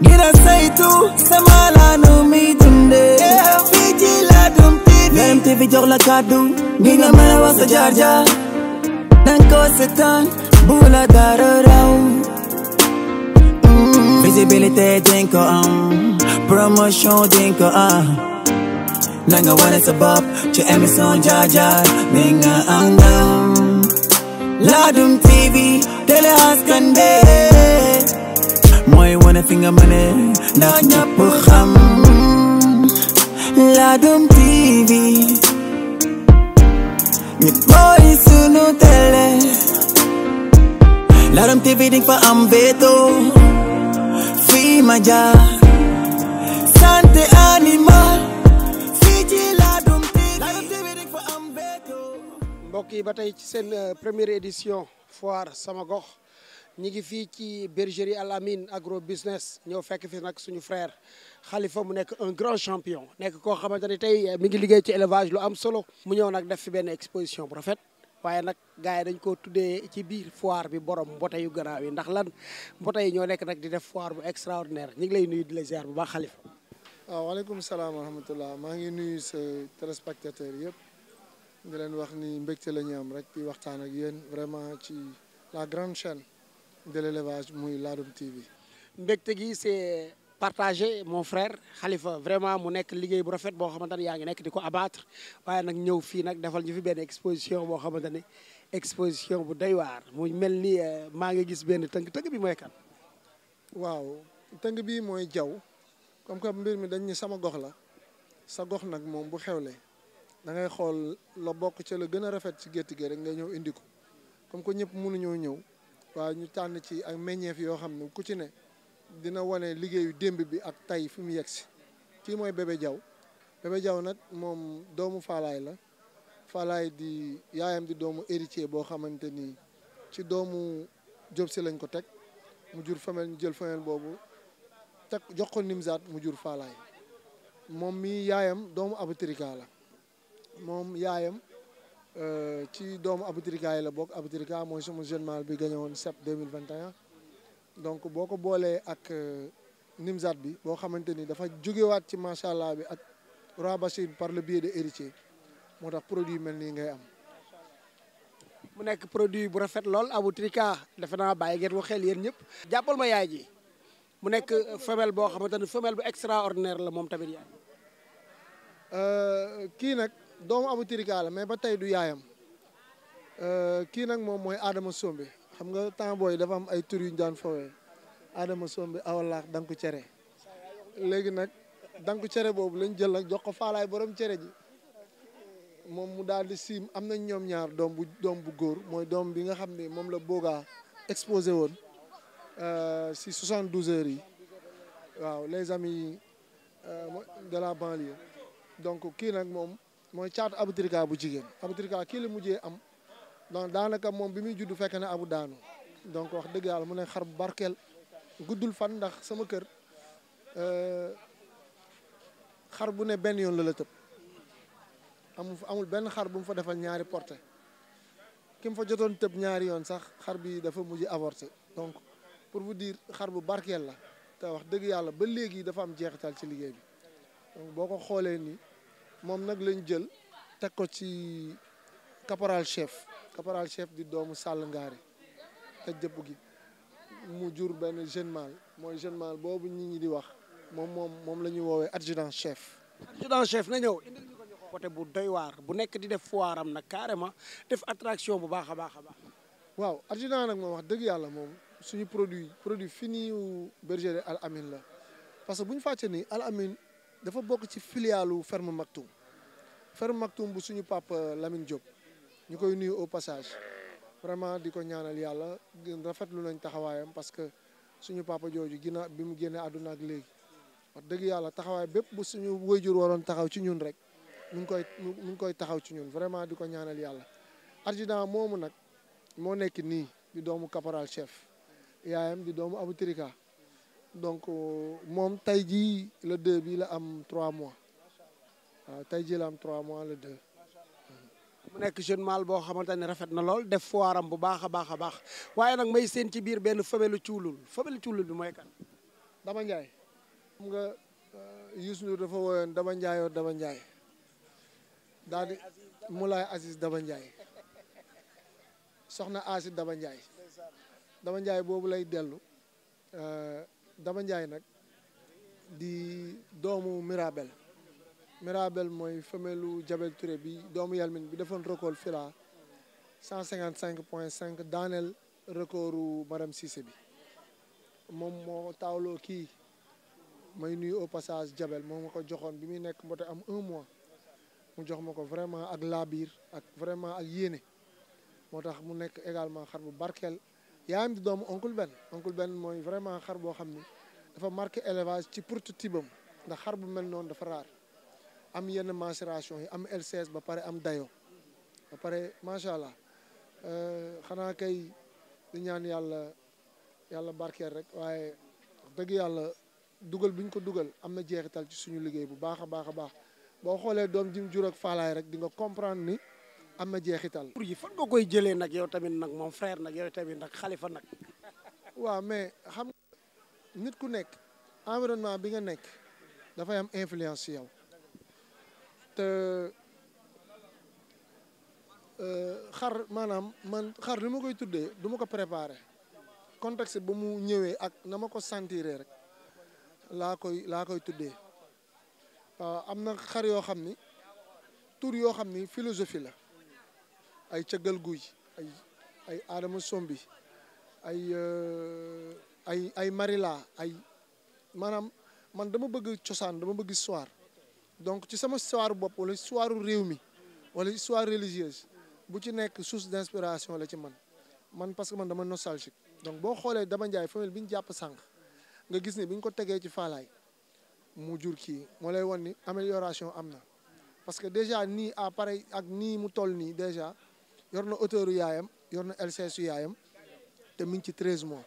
ngir saytu sama laanu mi dundee. jox la kàddu. ngir nga mën a wax sa jaar jaar. danga ko dara raw. Mm-hmm. visibilité dinga am. promotion dinga am. nanga wane sa ci émission jaar jaar am ndam. Ladoum TV télé askan bi mëne fi nga mëne ndax ñëpp xam Ladoum TV ñu mooy sunu télé Ladoum TV di fa am béto fii ma jaar santé animal fii ci Ladoum TV mbokk yi ba tey ci seen euh, première édition foire sama ñi ngi fii ci bergerie Al Amine agro business ñëw fekk fi nag suñu frère Khalifa mu nekk un grand champion nekk koo xamante ni tey eh, mi ngi liggéey ci élevage lu am solo mu ñëw nag def fi benn exposition bu rafet waaye nag gars yi dañ ko tuddee ci biir foire bi borom mbote yu gannaaw ndax lan mbote ñoo nekk nag di def foire bu extraordinaire ñu ngi lay nuyu di la ziar bu baax Khalifa waaw waaleykum salaam wa maa ngi nuyu sa téléspectateur yëpp di leen wax ni mbégte la ñu am rek di waxtaan yéen vraiment ci la grande chaîne de l'élevage muy Ladoum TV. mbégte gi c'est partagé mon frère Khalifa vraiment mu nekk liggéey bu rafet boo xamante ne yaa ngi nekk di ko abattre waaye nag ñëw fii nag defal ñu fi benn exposition boo xamante ne exposition bu doy waar muy mel ni euh, maa ngi gis benn tënk tënk bi mooy kan. waaw tënk bii mooy jaw comme que mbir mi dañ sama gox la sa gox nag moom bu xewle da ngay xool la bokk ca la gën a rafet ci gétt gi rek nga ñëw indi ko comme que ñëpp mënuñoo ñëw. waaw ñu tànn ci ak meññeef yoo xam ne ku ci ne dina wane liggéeyu démb bi ak tay fi yegg si kii mooy bébé jaw bébé jaw nag moom doomu faalaay la faalaay di yaayam di doomu héritier boo xamante ni ci doomu job si lañ ko teg mu jur femelle ñu jël femelle boobu teg jox ko nimzaat mu jur faalaay moom mii yaayam doomu abatrika la moom yaayam Euh, ci doomu Abitrika yi la bokk Abitrika mooy sama jeune mâle bi gagné woon sept deux mille vingt donc boo ko boolee ak euh, Nimzat bi boo xamante ni dafa jugewaat ci macha allah bi ak Roi Bachir par le biais de héritier moo tax produit mel nii ngay am. mu nekk produit bu rafet lool Abitrika defe naa bàyyi ngeen ko xel yéen ñëpp. jàppal ma yaay ji mu nekk femelle boo xamante ni femelle bu extraordinaire la moom tamit yaay. Euh, kii nag. doomu Abu Tirika la mais ba tey du yaayam euh, kii nag moom mooy Adama Sombe xam nga temps booy dafa am ay turi yu ñu daan fowee Adama Sombe awalaax danku cere léegi nag danku cere boobu lañ jël nag jox ko faalaay borom cere ji moom mu daal di siim am nañ ñoom ñaar doom bu doom bu góor mooy doom bi nga xam ni moom la boogaa exposé woon euh, si 72 heures yi waaw les amis euh, de la banlieue donc kii nag moom. mooy caatu Abu Dirga bu jigéen Abu Dirga kii la mujjee am donc daanaka moom bi muy judd fekk na abu daanu donc wax dëgg yàlla mu ne xar bu barkeel guddul fan ndax sama kër euh, xar bu ne benn yoon la la tëb amul amul benn xar bu mu fa defal ñaari porté ki mu fa jotoon tëb ñaari yoon sax xar bi dafa mujj avorté donc pour vous dire xar bu barkeel la te wax dëgg yàlla ba léegi dafa am jeexital ci liggéey bi donc boo ko xoolee nii moom nag lañu jël teg ko ci caporal chef caporal chef di doomu Sall Ngaari te jëpp gi mu jur benn jeune mooy jeune boobu nit ñi di wax moom moom moom la ñuy woowee adjudant chef. adjudant chef na ñëw indil ñu bu doy waar bu nekk di def foiram nag carrément def attraction bu baax a baax a baax. waaw adjudant nag moo wax dëgg yàlla moom suñu produit produit fi fini bergerie Al Amine la parce que bu ñu fàccee Al Amine dafa bokk ci filialu ferme Maktoum ferme Maktoum bu suñu papa Lamine Diop ñu koy nuyu au passage vraiment di ko ñaanal yàlla rafetlu nañ taxawaayam parce que suñu papa jooju ginnaaw bi mu génnee àdduna ak léegi dëgg yàlla taxawaay bépp bu suñu wayjur waroon taxaw ci ñun rek mu ngi koy mu ngi koy taxaw ci ñun vraiment di ko ñaanal yàlla adjudant moomu nag moo nekk nii di doomu caporal chef yaayam di doomu Abu Trika donc euh, moom tey jii le deux bi la am trois mois waaw tey jii la am trois mois le deux. mu nekk jeune mâle boo xamante ne rafet na lool def foiram bu baax a baax a baax waaye nag may seen ci biir benn fabelu cuulul fabelu cuulul bi mooy kan. Dama Ndiaye. xam nga euh, Youssou Ndour dafa Dama Ndiaye Dama Ndiaye daal di Moulay Aziz Dama Ndiaye soxna Asi Dama Ndiaye Dama Ndiaye boobu lay dellu. Euh, dama njaay nag di doomu Mirabel Mirabel mooy femelu Jabel Touré bi doomu Yelmin bi defoon record fila 155 point 5 daaneel recordu Maram Cissé bi moom moo taawloo kii may nuyu au passage Jabel moom ma ko joxoon bi muy nekk mboote am un mois mu jox ma ko vraiment ak laabiir ak vraiment ak yéene moo tax mu nekk également xar bu barkeel yaayam di doomu oncle benn oncle benn mooy vraiment xar boo xam ni dafa marqué élevage ci prototype am ndax xar bu mel noonu dafa raar am yenn macération yi am LCS ba pare am dayo ba pare macha allah euh, xanaa kay di ñaan yàlla yàlla barkeel rek waaye dëgg yàlla dugal bi ko dugal am na jeexital ci suñu liggéey bu baax a baax a baax boo xoolee doom jim jur ak faalaay rek di nga comprendre ni am na jeexital. pour yi fan nga koy jëlee nag yow tamit nag moom frère nag yow tamit nag xalifa nag. waaw mais xam nga nit ku nekk environnement bi nga nekk dafay am influence ci yow te euh, xar maanaam man xar li ma koy tuddee du ma ko préparé contexte ba mu ñëwee ak na ma ko sentire rek laa koy laa koy tuddee waaw euh, am na xar yoo xam ni tur yoo xam ni philosophie la. ay cëggal guy ay ay aadama sombi ay euh, ay ay marila ay maanaam man dama bëgg cosaan dama bëgg histoire donc ci sama histoire bopp wala histoire réew mi wala histoire réligieuse bu ci nekk source d'inspiration la ci man man parce que man dama nostalgique donc boo xoolee dama Ndiaye famille bi ñu jàpp sànq nga gis ni bi ñu ko tegee ci faalaay mu jur kii moo lay wan ni amélioration am na parce que déjà nii à pareil ak nii mu toll nii déjà yor na hauteur u yaayam yor na LCS su yaayam te mi ngi ci treize mois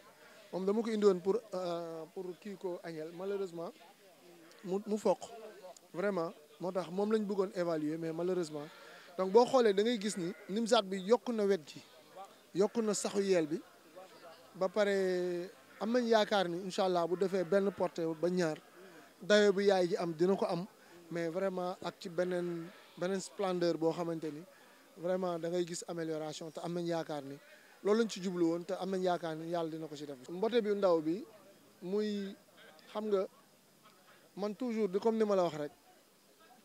moom dama ko indiwoon pour euh, pour kii ko añel malheureusement mu mu foq vraiment moo tax moom lañ bëggoon évaluer mais malheureusement donc boo xoolee da ngay gis ni nim Nimzaat bi yokk na wet ji yokk na saxu yeel bi ba pare am nañ yaakaar ni incha allah bu defee benn portée ba ñaar dayo bi yaay ji am dina ko am mais vraiment ak ci beneen beneen splendeur boo xamante ni vraiment da ngay gis amélioration te am nañ yaakaar ni loolu lañ ci jublu woon te am nañ yaakaar ni yàlla dina ko ci def. mbote bi ndaw bi muy xam nga man toujours di comme ni ma la wax rek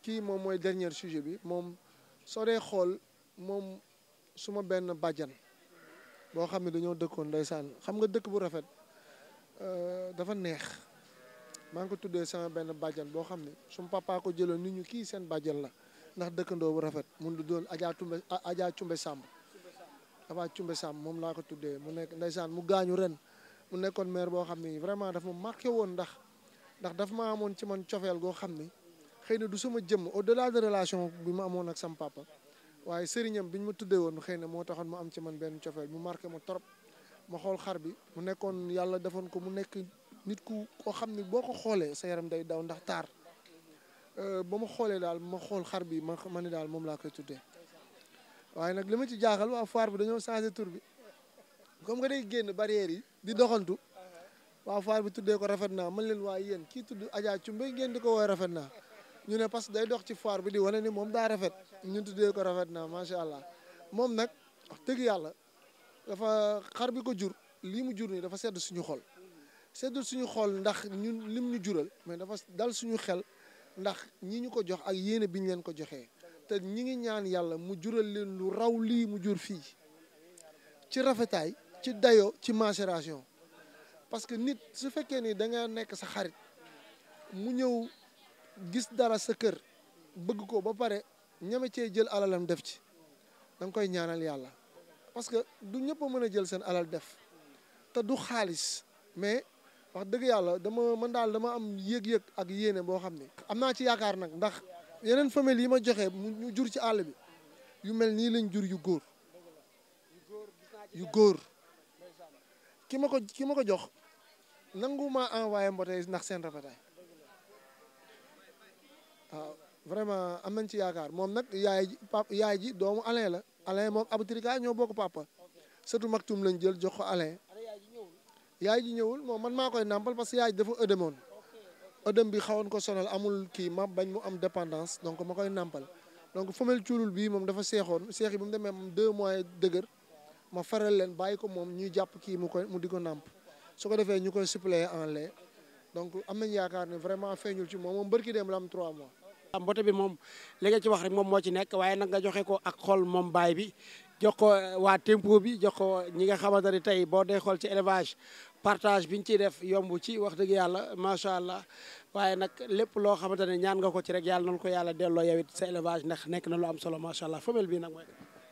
kii moom mooy dernier sujet bi moom soo dee xool moom suma benn bàjjan boo xam ne dañoo dëkkoon ndeysaan xam nga dëkk bu rafet euh, dafa neex maa ngi ko tuddee sama benn bàjjan boo xam ne suma papa ko jëloon nit ñu kii seen bàjjan la. ndax dëkkandoo bu rafet mun du doon Adja Tumbe Adja Cumbe Samb Ava Cumbe Samb moom laa ko tuddee mu nekk nday ndeysaan mu gaañu ren mu nekkoon maire boo xam ni vraiment daf ma marqué woon ndax ndax daf ma amoon ci man cofeel goo xam ni xëy na du sama jëmm au delà de relation bi ma amoon ak sam papa waaye sëriñam bi ñu ma tuddee woon xëy na moo taxoon mu am ci man benn cofeel mu marqué ma trop ma xool xar bi mu nekkoon yàlla defoon ko mu nekk nit ku koo xam ni boo ko xoolee sa yaram day daw ndax taar Euh, ba ma xoolee daal ma xool xar bi ma ma ne daal moom laa koy tuddee waaye nag li ma ci jaaxal waa foire bi dañoo changé tur bi comme que day génn barrière yi di doxantu waa foire bi tuddee ko rafet naa man leen waaye yéen kii tudd Adja Cumbe ngeen di ko woowee rafet naa ñu ne parce que day dox ci foire bi di wane ni moom daa rafet ñu tuddee ko rafet naa macha allah moom nag wax dëgg yàlla dafa xar bi ko jur lii mu jur nii dafa sedd suñu xol seddul suñu xol ndax ñun lim ñu jural mais dafa dal suñu xel. ndax ñi ñu ko jox ak yéene bi ñu leen ko joxee te ñi ngi ñaan yàlla mu jural leen lu raw lii mu jur fii ci rafetaay ci dayo ci macération parce que nit su fekkee ni da nga nekk sa xarit mu ñëw gis dara sa kër bëgg ko ba pare ñeme cee jël alalam def ci da koy ñaanal yàlla parce que du ñëpp a mën a jël seen alal def te du xaalis mais wax dëgg yàlla dama man daal dama am yéeg-yéeg ak yéene boo xam ne am naa ci yaakaar nag ndax yeneen famille yi ma joxe mu jur ci àll bi yu mel nii lañ jur yu góor yu góor ki ma ko ki ma ko jox nangu ma envoyé mboote ndax seen rafetaay waaw vraiment am nañ ci yaakaar moom nag yaay ji yaay ji doomu Alain la Alain moom Abou Trika ñoo bokk papa surtout Maktoum lañ jël jox ko Alain yaay ji ñëwul moom man maa koy nàmpal parce que yaay ji dafa ëdëmoon ëdëm bi xawoon ko sonal amul kii ma bañ mu am dépendance donc ma koy nàmpal donc femelle cuulul bii moom dafa seexoon seex yi bi mu demee moom deux mois dëgër ma faral leen bàyyi ko moom ñuy jàpp kii mu koy mu di ko nàmp su ko defee ñu koy suppléer en lait donc am nañ yaakaar ne vraiment feeñul ci moom moom bërki dem la am trois mois. am mbote bi moom li nga ci wax rek moom moo ci nekk waaye nag nga joxe ko ak xol moom baay bi jox ko euh, waa tempo bi jox ko ñi nga xamante ni tey boo dee xool ci élevage partage bi ñu ciy def yomb ci wax dëgg yàlla macha allah waaye nag lépp loo xamante ne ñaan nga ko ci rek yàlla nañu ko yàlla delloo yow it sa élevage ndax nekk na lu am solo macha allah femelle bi nag mooy.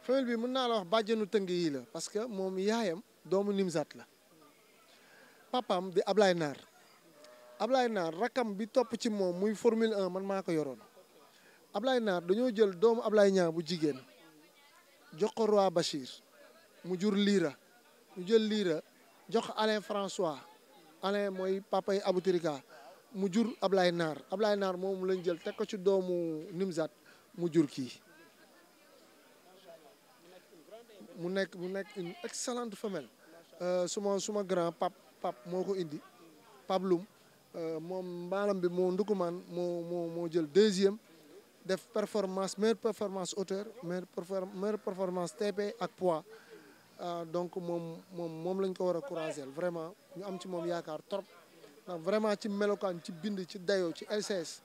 femelle bi mën naa la wax bàjjenu tëng yi la parce que moom yaayam doomu Nimzat la papaam di Ablaye Naar Ablaye Naar rakam bi topp ci moom muy formule 1 man maa ko yoroon Ablaye Naar dañoo jël doomu Ablaye ñaar bu jigéen. jox ko roi Bachir mu jur liira mu jël liira jox ko Alain François Alain mooy papa yi mu jur Ablaye Naar Ablaye Naar moom lañ jël teg ko ci doomu Nimzat mu jur kii mu nekk mu nekk une excellente femelle euh, suma suma grand pap pap moo ko indi Pape Loum euh, moom mbaalam bi moo ndukumaan moo moo moo jël deuxième def performance meilleure performance hauteur meilleure performance TP ak poids euh, donc moom moom moom lañ ko war a couragé vraiment ñu am ci moom yaakaar trop ndax vraiment ci melokaan ci bind ci dayoo ci LCS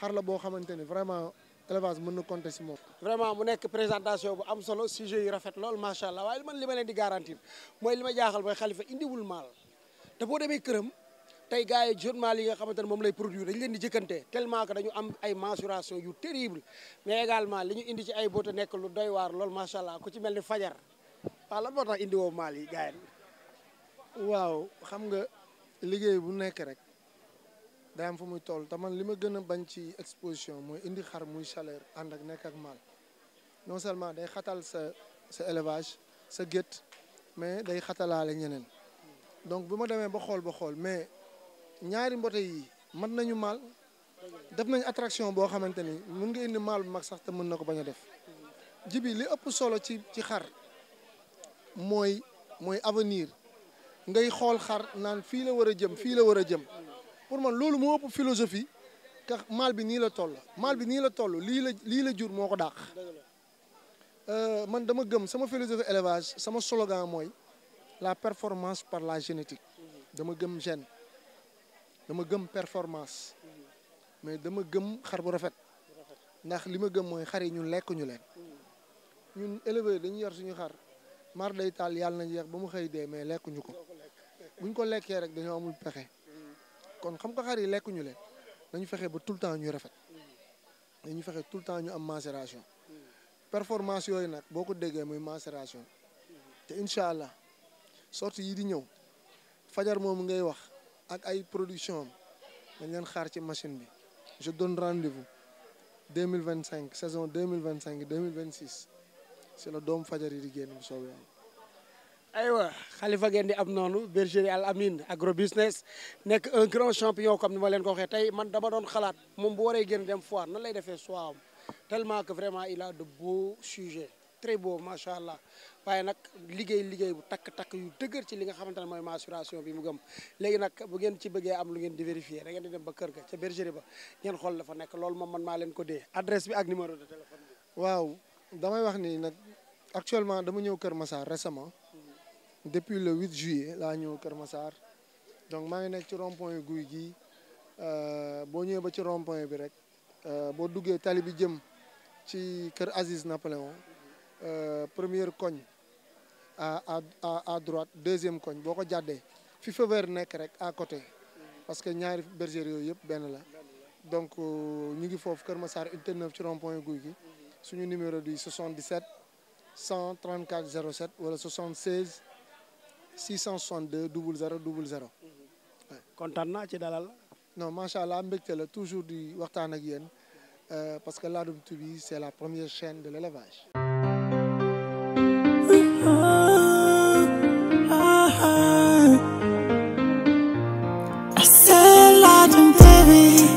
xar la boo xamante ni vraiment élevage mën na compter si moom. vraiment mu nekk présentation bu am solo sujet yu rafet lool macha allah waaye man li ma leen di garantir mooy li ma jaaxal mooy xalifa indiwul maal te boo demee këram. tey gars yi journal yi nga xamante ne moom lay produire dañ leen di jëkkante tellement que dañu am ay mensuration yu terrible mais également li ñu indi ci ay bota nekk lu doy waar lool macha allah ku ci mel ni fajar waaw lan moo tax indi woo maal yi gars yi waaw xam nga liggéey bu nekk rek daa fu muy toll te man li ma gën a bañ ci exposition mooy indi xar muy chaleur ànd ak nekk ak maal non seulement day xatal sa sa élevage sa gétt mais day xatalaale ñeneen donc bu ma demee ñaari mbote yi mën nañu maal def nañ attraction boo xamante ni mën nga indi maal bu mag sax te mën na ko bañ a def jibi li ëpp solo ci ci xar mooy mooy avenir ngay xool xar naan fii la war a jëm fii la war a jëm pour man loolu moo ëpp philosophie ka maal bi nii la toll maal bi nii la toll lii la lii la jur moo ko dàq euh, man dama gëm sama philosophie élevage sama slogan mooy la performance par la génétique dama gëm gène dama gëm performance mais dama gëm xar bu rafet ndax li ma gëm mooy xar yi ñun lekkuñu leen ñun éleveur dañu yar suñu xar mar day taal yàlla na jeex ba mu xëy dee mais lekkuñu ko bu ñu ko lekkee rek dañoo amul pexe kon xam nga xar yi lekkuñu leen dañu fexe ba tout le temps ñuy rafet dañu fexe tout le temps ñu am macération performance yooyu nag boo ko déggee muy macération te incha allah sorti yi di ñëw fajar moomu ngay wax ak ay production am dañ leen xaar ci machine bi je donne rendez-vous deux mille vingt cinq saison deux mille vingt cinq deux mille vingt six si la doomu fajar yi di génn bu soobee yàlla. aywa Khalifa ngeen di am noonu bergerie Al Amine agro business nekk un grand champion comme ni ma leen ko waxee tey man dama doon xalaat moom bu waree génn dem foire nan lay defee soiam tellement que vraiment il a de beaux sujets. très beau macha allah waaye nag liggéey liggéey bu takk-takk yu dëgër ci li nga xamante ne mooy mensuration bi mu gëm léegi nag bu ngeen ci bëggee am lu ngeen di vérifier da ngeen di dem ba kër ga ca bergerie ba ngeen xool dafa nekk loolu moom man maa leen ko dee adresse bi ak numéro de téléphone bi. waaw damay wax ni nag actuellement dama ñëw Kër Massar récemment. Hmm. depuis le 8 juillet laa ñëw Kër Massar donc maa ngi nekk ci rond point guy gii euh, boo ñëwee ba ci rond bi rek euh, boo duggee tali bi jëm ci kër Aziz Napoléon. Euh, première koñ à à à droite deuxième koñ boo ko jàddee fi feu nekk rek à côté parce que ñaari bergerie yooyu yëpp benn la donc euh, ñu ngi foofu Kër Massar unité 9 ci rond-point guy gi suñu numéro di 77 134 07 wala 76 662 00 00. kontaan naa ci dalal. no macha allah mbégte la toujours di waxtaan ak yéen euh, parce que Ladoum TV c'est la première chaîne de l'élevage.